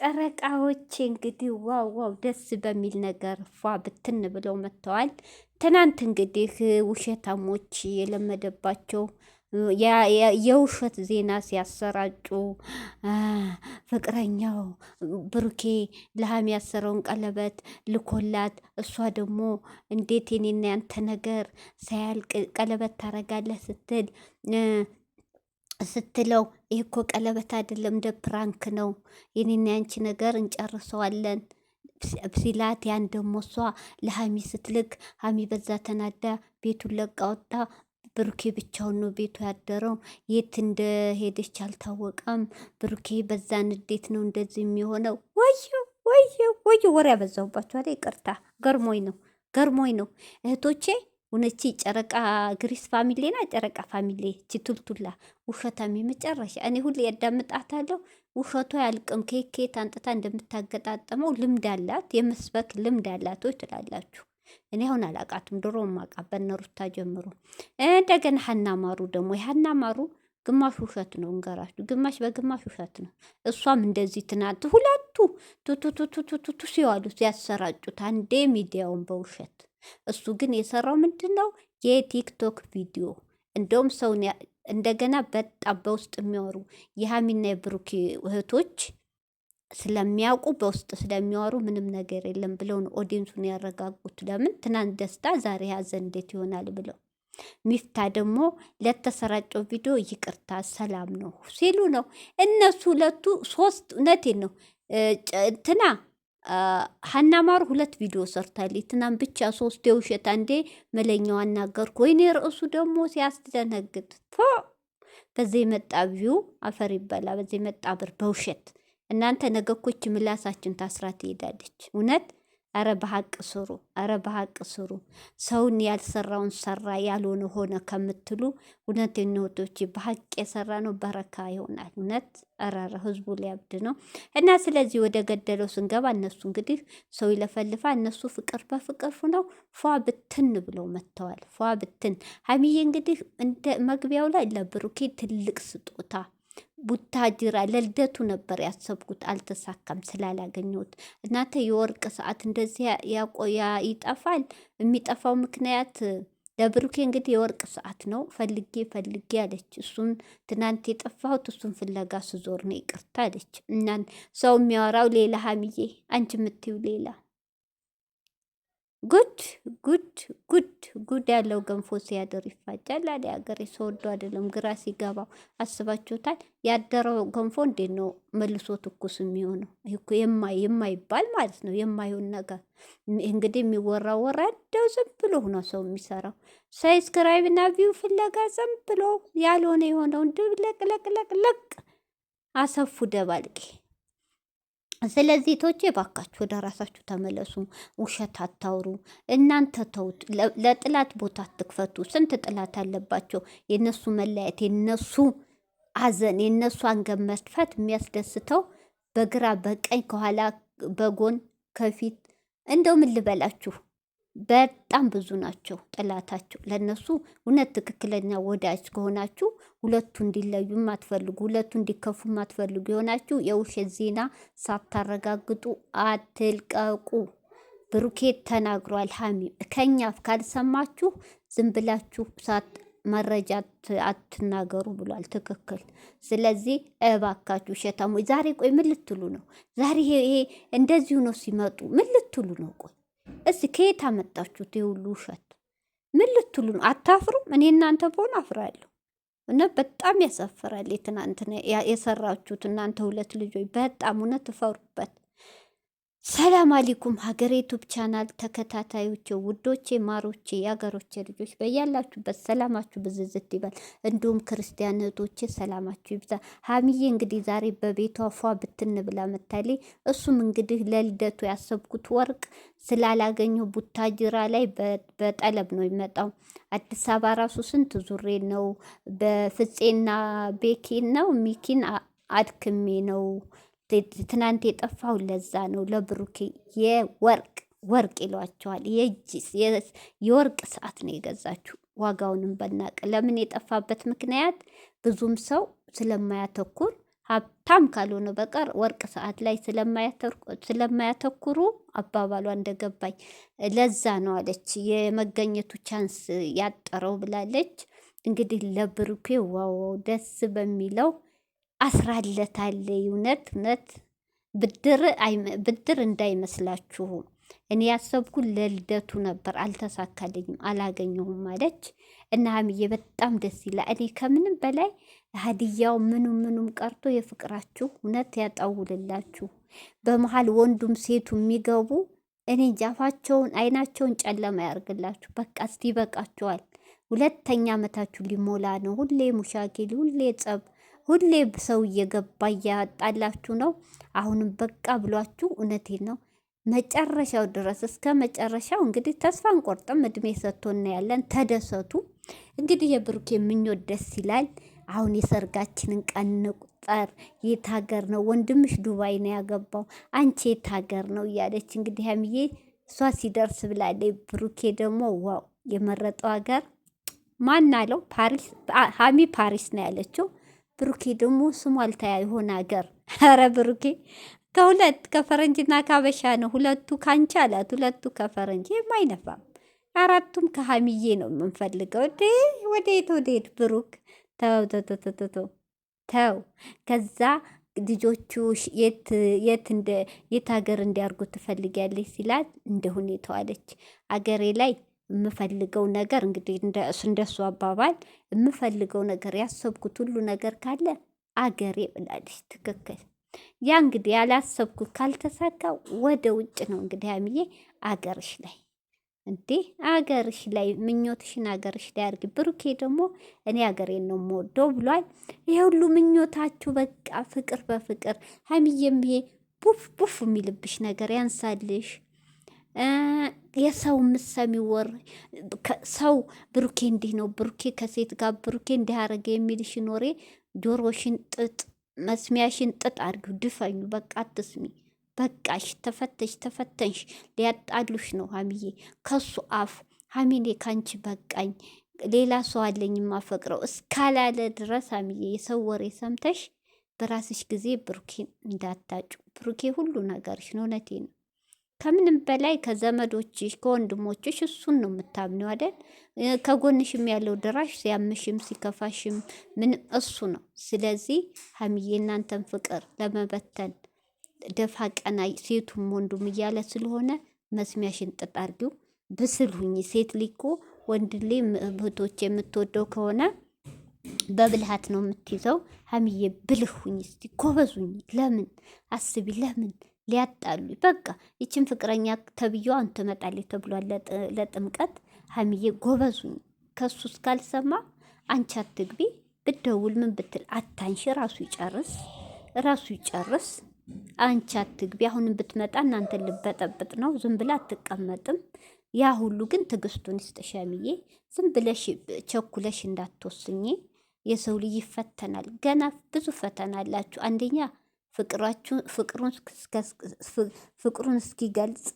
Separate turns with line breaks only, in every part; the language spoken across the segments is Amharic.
ጨረቃዎች እንግዲህ ዋው ዋው ደስ በሚል ነገር ፏ ብትን ብለው መጥተዋል። ትናንት እንግዲህ ውሸታሞች የለመደባቸው የውሸት ዜና ሲያሰራጩ ፍቅረኛው ብሩኬ ለሃም ያሰረውን ቀለበት ልኮላት፣ እሷ ደግሞ እንዴት የኔና ያንተ ነገር ሳያልቅ ቀለበት ታረጋለህ ስትል ስትለው ይህ እኮ ቀለበት አይደለም ደ ፕራንክ ነው፣ የኔና ያንቺ ነገር እንጨርሰዋለን ሲላት ያን ደግሞ እሷ ለሀሚ ስትልክ ሀሚ በዛ ተናዳ ቤቱን ለቃ ወጣ። ብሩኬ ብቻውን ነው ቤቱ ያደረው። የት እንደሄደች አልታወቀም። ብሩኬ በዛ ንዴት ነው እንደዚህ የሚሆነው። ወዩ ወዩ ወዩ! ወሬ ያበዛሁባቸው አይደል? ይቅርታ ገርሞኝ ነው ገርሞኝ ነው እህቶቼ። እውነቺ ጨረቃ ግሪስ ፋሚሌ ና ጨረቃ ፋሚሌ ቺ ቱልቱላ ውሸታም የመጨረሻ እኔ ሁሌ ያዳምጣታለሁ። ውሸቷ ያልቅም። ከየት አንጥታ እንደምታገጣጠመው ልምድ አላት፣ የመስበክ ልምድ አላት ወይ ትላላችሁ? እኔ አሁን አላቃትም፣ ድሮ ማቃት በነሩታ ጀምሮ። እንደገና ሀና ማሩ ደግሞ የሀና ማሩ ግማሽ ውሸት ነው እንገራችሁ፣ ግማሽ በግማሽ ውሸት ነው። እሷም እንደዚህ ትናንት ሁለት ቱቱቱቱቱቱ ሲዋሉት ያሰራጩት አንዴ ሚዲያውን በውሸት እሱ ግን የሰራው ምንድን ነው? የቲክቶክ ቪዲዮ እንደውም ሰውን እንደገና በጣም በውስጥ የሚያወሩ የሀሚና የብሩኪ እህቶች ስለሚያውቁ በውስጥ ስለሚያወሩ ምንም ነገር የለም ብለው ነው ኦዲየንሱን ያረጋጉት። ለምን ትናንት ደስታ ዛሬ ሀዘን እንዴት ይሆናል ብለው ሚፍታ ደግሞ ለተሰራጨው ቪዲዮ ይቅርታ ሰላም ነው ሲሉ ነው እነሱ ሁለቱ ሶስት እውነቴን ነው እንትና ሀና ሁለት ቪዲዮ ሰርታለች። ትናንት ብቻ ሶስት የውሸት አንዴ መለኛው አናገርኩ። ወይኔ ርዕሱ ደግሞ ሲያስደነግጥ ፎ በዚህ መጣ ቪው አፈር ይበላ። በዚህ መጣ ብር በውሸት እናንተ ነገኮች ምላሳችን ታስራ ትሄዳለች እውነት አረ በሀቅ ስሩ፣ አረ በሀቅ ስሩ። ሰውን ያልሰራውን ሰራ ያልሆነ ሆነ ከምትሉ እውነት ንወቶች በሀቅ የሰራ ነው በረካ ይሆናል። እውነት አራረ ህዝቡ ሊያብድ ነው እና ስለዚህ ወደ ገደለው ስንገባ እነሱ እንግዲህ ሰው ይለፈልፋ እነሱ ፍቅር በፍቅር ነው ፏ ብትን ብለው መጥተዋል። ፏ ብትን ሀሚዬ እንግዲህ እንደ መግቢያው ላይ ለብሩኬ ትልቅ ስጦታ ቡታጅራ ለልደቱ ነበር ያሰብኩት፣ አልተሳካም ስላላገኘሁት። እናንተ የወርቅ ሰዓት እንደዚህ ያቆያ ይጠፋል። የሚጠፋው ምክንያት ለብሩኬ እንግዲህ የወርቅ ሰዓት ነው። ፈልጌ ፈልጌ አለች። እሱን ትናንት የጠፋሁት እሱን ፍለጋ ስዞር ነው። ይቅርታ አለች። እና ሰው የሚያወራው ሌላ፣ ሀምዬ አንቺ የምትይው ሌላ ጉድ ጉድ ጉድ ጉድ ያለው ገንፎ ሲያድር ይፋጫል አለ ሀገሬ ሰው። ወዶ አይደለም ግራ ሲገባው አስባችሁታል። ያደረው ገንፎ እንዴት ነው መልሶ ትኩስ የሚሆነው? የማይባል ማለት ነው የማይሆን ነገር እንግዲህ የሚወራው ወራ እንደው ዝም ብሎ ሆኖ ሰው የሚሰራው ሰብስክራይብና ቪው ፍለጋ ዝም ብሎ ያልሆነ የሆነው እንዲሁ ለቅለቅለቅለቅ አሰፉ ደባልቄ ስለዚህ ቶቼ ባካችሁ ወደ ራሳችሁ ተመለሱ። ውሸት አታውሩ። እናንተ ተውት። ለጥላት ቦታ አትክፈቱ። ስንት ጥላት አለባቸው። የነሱ መለያየት፣ የነሱ አዘን፣ የነሱ አንገብ መድፋት የሚያስደስተው በግራ በቀኝ ከኋላ በጎን ከፊት እንደው ምን ልበላችሁ በጣም ብዙ ናቸው ጠላታቸው። ለእነሱ እውነት ትክክለኛ ወዳጅ ከሆናችሁ ሁለቱ እንዲለዩ ማትፈልጉ፣ ሁለቱ እንዲከፉ ማትፈልጉ የሆናችሁ የውሸት ዜና ሳታረጋግጡ አትልቀቁ። ብሩኬት ተናግሯል። ሀሚም ከኛ ካልሰማችሁ ዝም ብላችሁ ሳት መረጃ አትናገሩ ብሏል። ትክክል። ስለዚህ እባካችሁ ሸታሞች ዛሬ ቆይ ምን ልትሉ ነው? ዛሬ ይሄ እንደዚሁ ነው ሲመጡ ምን ልትሉ ነው? ቆይ እስ ከየት አመጣችሁት የሁሉ ውሸት? ምን ልትሉ አታፍሩ አታፍሩም? እኔ እናንተ በሆን አፍራለሁ። እና በጣም ያሳፍራል የትናንትና የሰራችሁት እናንተ ሁለት ልጆች፣ በጣም እውነት ትፈሩበት። ሰላም አለይኩም ሀገሬ ዩቱብ ቻናል ተከታታዮች ውዶቼ፣ ማሮቼ፣ የሀገሮቼ ልጆች በያላችሁበት ሰላማችሁ ብዝዝት ይበል። እንዲሁም ክርስቲያን እህቶቼ ሰላማችሁ ይብዛ። ሀሚዬ እንግዲህ ዛሬ በቤቷ ፏ ብትን ብላ መታለች። እሱም እንግዲህ ለልደቱ ያሰብኩት ወርቅ ስላላገኘው ቡታጅራ ላይ በጠለብ ነው ይመጣው። አዲስ አበባ ራሱ ስንት ዙሬ ነው በፍፄና ቤኪን ነው ሚኪን አድክሜ ነው ትናንት የጠፋው ለዛ ነው። ለብሩኬ የወርቅ ወርቅ ይሏቸዋል። የእጅ የወርቅ ሰዓት ነው የገዛችሁ። ዋጋውንም በናቅ ለምን የጠፋበት ምክንያት ብዙም ሰው ስለማያተኩር ሀብታም ካልሆነ በቀር ወርቅ ሰዓት ላይ ስለማያተኩሩ አባባሏ እንደገባኝ ለዛ ነው አለች። የመገኘቱ ቻንስ ያጠረው ብላለች። እንግዲህ ለብሩኬ ዋው ደስ በሚለው አስራለታል። እውነት እውነት ብድር ብድር እንዳይመስላችሁ እኔ ያሰብኩ ለልደቱ ነበር፣ አልተሳካልኝም፣ አላገኘሁም አለች እና ሀሚዬ በጣም ደስ ይላል። እኔ ከምንም በላይ ሀዲያው ምኑም ምኑም ቀርቶ የፍቅራችሁ እውነት ያጣውልላችሁ። በመሀል ወንዱም ሴቱ የሚገቡ እኔ ጃፋቸውን አይናቸውን ጨለማ ያርግላችሁ። በቃ እስቲ ይበቃችኋል። ሁለተኛ ዓመታችሁ ሊሞላ ነው። ሁሌ ሙሻኪል፣ ሁሌ ጸብ ሁሌ ሰው እየገባ እያጣላችሁ ነው። አሁንም በቃ ብሏችሁ እውነቴን ነው መጨረሻው ድረስ እስከ መጨረሻው እንግዲህ ተስፋ አንቆርጥም። እድሜ ሰጥቶ እናያለን። ተደሰቱ እንግዲህ የብሩኬ ምኞት ደስ ይላል። አሁን የሰርጋችንን ቀን ቁጠር። የት ሀገር ነው ወንድምሽ? ዱባይ ነው ያገባው። አንቺ የት ሀገር ነው እያለች እንግዲህ ያምዬ እሷ ሲደርስ ብላለች። ብሩኬ ደግሞ ዋው የመረጠው ሀገር ማን አለው? ፓሪስ ሀሚ ፓሪስ ነው ያለችው። ብሩኬ ደግሞ ስሙ አልታያ የሆነ ሀገር። ኧረ ብሩኬ ከሁለት ከፈረንጅና ካበሻ ነው። ሁለቱ ካንቺ አላት፣ ሁለቱ ከፈረንጅ የማይነፋም አራቱም ከሀሚዬ ነው የምንፈልገው። ወዴት ወዴት? ብሩክ ተው ተው ተው። ከዛ ልጆቹ የት ሀገር እንዲያርጉ ትፈልጊያለች ሲላት እንደ ሁኔታው አገሬ ላይ የምፈልገው ነገር እንግዲህ እንደሱ አባባል የምፈልገው ነገር ያሰብኩት ሁሉ ነገር ካለ አገሬ ብላለች። ትክክል። ያ እንግዲህ ያላሰብኩት ካልተሳካ ወደ ውጭ ነው እንግዲህ አምዬ አገርሽ ላይ እንዴ አገርሽ ላይ ምኞትሽን አገርሽ ላይ አድርጊ። ብሩኬ ደግሞ እኔ አገሬን ነው የምወደው ብሏል። ይሄ ሁሉ ምኞታችሁ በቃ ፍቅር በፍቅር ሀይሚዬም ይሄ ቡፍ ቡፍ የሚልብሽ ነገር ያንሳልሽ። የሰው ምሰሚ ወር ሰው ብሩኬ እንዲህ ነው፣ ብሩኬ ከሴት ጋር ብሩኬ እንዲያረገ የሚልሽን ወሬ ጆሮሽን ጥጥ መስሚያሽን ጥጥ አድርጊው፣ ድፈኙ። በቃ አትስሚ። በቃሽ፣ ተፈተሽ፣ ተፈተንሽ። ሊያጣሉሽ ነው ሀሚዬ። ከሱ አፍ ሀሚኔ ካንቺ በቃኝ፣ ሌላ ሰው አለኝ የማፈቅረው እስካላለ ድረስ ሀሚዬ የሰው ወሬ ሰምተሽ በራስሽ ጊዜ ብሩኬ እንዳታጩ። ብሩኬ ሁሉ ነገርሽ ነው። እውነቴ ነው። ከምንም በላይ ከዘመዶችሽ ከወንድሞችሽ እሱን ነው የምታምነው አይደል? ከጎንሽም ያለው ድራሽ ሲያምሽም ሲከፋሽም ምንም እሱ ነው። ስለዚህ ሀሚዬ እናንተን ፍቅር ለመበተን ደፋ ቀና ሴቱም ወንዱም እያለ ስለሆነ መስሚያሽን ጥጥ አርጊው። ብስል ሴት ሊኮ ወንድ ሊ እህቶች የምትወደው ከሆነ በብልሃት ነው የምትይዘው። ሀሚዬ ብልህ ሁኝ፣ እስቲ ለምን አስቢ ለምን ሊያጣሉ በቃ ይችን ፍቅረኛ ተብዬዋን ትመጣለች ተብሏል። ለጥምቀት ሀሚዬ ጎበዙኝ ከሱ እስካልሰማ አንቺ አትግቢ። ብደውል ምን ብትል አታንሽ፣ ራሱ ይጨርስ ራሱ ይጨርስ። አንቺ አትግቢ። አሁንም ብትመጣ እናንተ ልበጠብጥ ነው። ዝም ብላ አትቀመጥም። ያ ሁሉ ግን ትዕግስቱን ይስጥሽ ሀሚዬ። ዝም ብለሽ ቸኩለሽ እንዳትወስኝ። የሰው ልጅ ይፈተናል። ገና ብዙ ፈተና አላችሁ። አንደኛ ፍቅሩን እስኪገልጽ፣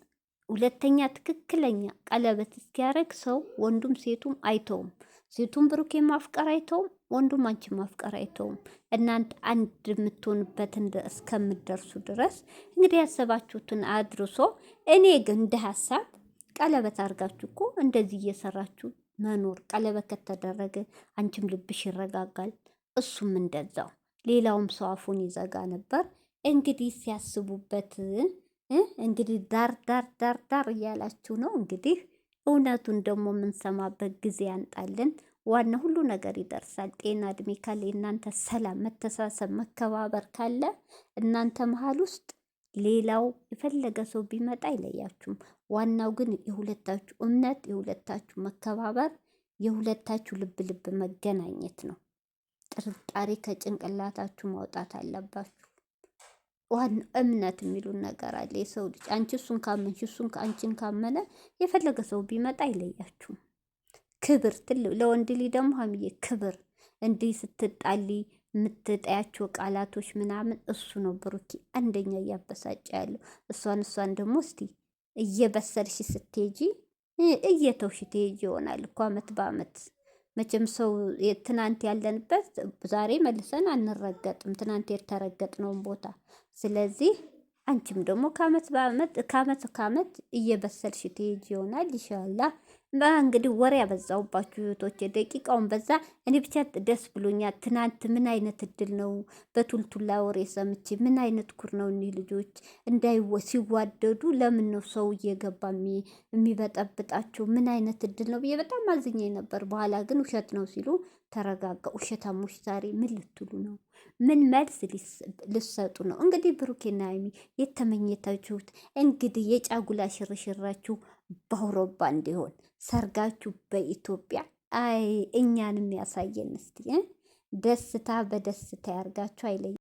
ሁለተኛ ትክክለኛ ቀለበት እስኪያደርግ ሰው ወንዱም ሴቱም አይተውም። ሴቱም ብሩኬ ማፍቀር አይተውም፣ ወንዱም አንቺ ማፍቀር አይተውም። እናንተ አንድ የምትሆንበትን እስከምደርሱ ድረስ እንግዲህ ያሰባችሁትን አድርሶ እኔ ግን እንደ ሀሳብ ቀለበት አድርጋችሁ እኮ እንደዚህ እየሰራችሁ መኖር ቀለበት ከተደረገ አንቺም ልብሽ ይረጋጋል፣ እሱም እንደዛው ሌላውም ሰው አፉን ይዘጋ ነበር። እንግዲህ ሲያስቡበት እንግዲህ ዳር ዳር ዳር ዳር እያላችሁ ነው። እንግዲህ እውነቱን ደግሞ የምንሰማበት ጊዜ ያንጣልን። ዋና ሁሉ ነገር ይደርሳል። ጤና እድሜ ካለ እናንተ ሰላም፣ መተሳሰብ፣ መከባበር ካለ እናንተ መሀል ውስጥ ሌላው የፈለገ ሰው ቢመጣ አይለያችሁም። ዋናው ግን የሁለታችሁ እምነት፣ የሁለታችሁ መከባበር፣ የሁለታችሁ ልብ ልብ መገናኘት ነው። ጥርጣሬ ከጭንቅላታችሁ ማውጣት አለባችሁ። ዋና እምነት የሚሉን ነገር አለ። የሰው ልጅ አንቺ እሱን ካመንሽ እሱን አንቺን ካመነ የፈለገ ሰው ቢመጣ አይለያችሁም። ክብር ትልቅ ለወንድ ልጅ ደግሞ ሀምዬ ክብር እንዲህ ስትጣሊ የምትጠያቸው ቃላቶች ምናምን እሱ ነው ብሩኪ አንደኛ እያበሳጨ ያለው እሷን እሷን ደግሞ እስቲ እየበሰርሽ ስትሄጂ እየተውሽ ትሄጂ ይሆናል እኮ አመት በአመት መቼም ሰው ትናንት ያለንበት ዛሬ መልሰን አንረገጥም፣ ትናንት የተረገጥነውን ቦታ። ስለዚህ አንቺም ደግሞ ከአመት በአመት ከአመት ከአመት እየበሰልሽ ትሄጂ ይሆናል ይሻላ እንግዲህ ወሬ ያበዛውባችሁ እህቶቼ፣ ደቂቃውን በዛ። እኔ ብቻ ደስ ብሎኛል። ትናንት ምን አይነት እድል ነው በቱልቱላ ወሬ ሰምቼ፣ ምን አይነት ኩር ነው እኒህ ልጆች እንዳይወ ሲዋደዱ፣ ለምን ነው ሰው እየገባ የሚበጠብጣቸው? ምን አይነት እድል ነው ብዬ በጣም አዝኜ ነበር። በኋላ ግን ውሸት ነው ሲሉ ተረጋጋ። ውሸታሞች ዛሬ ምን ልትሉ ነው? ምን መልስ ልሰጡ ነው? እንግዲህ ብሩኬና ሀይሚ የተመኘታችሁት እንግዲህ የጫጉላ ሽርሽራችሁ በአውሮፓ እንዲሆን ሰርጋችሁ በኢትዮጵያ። አይ እኛንም ያሳየን እስቲ ደስታ በደስታ ያርጋችሁ አይለይ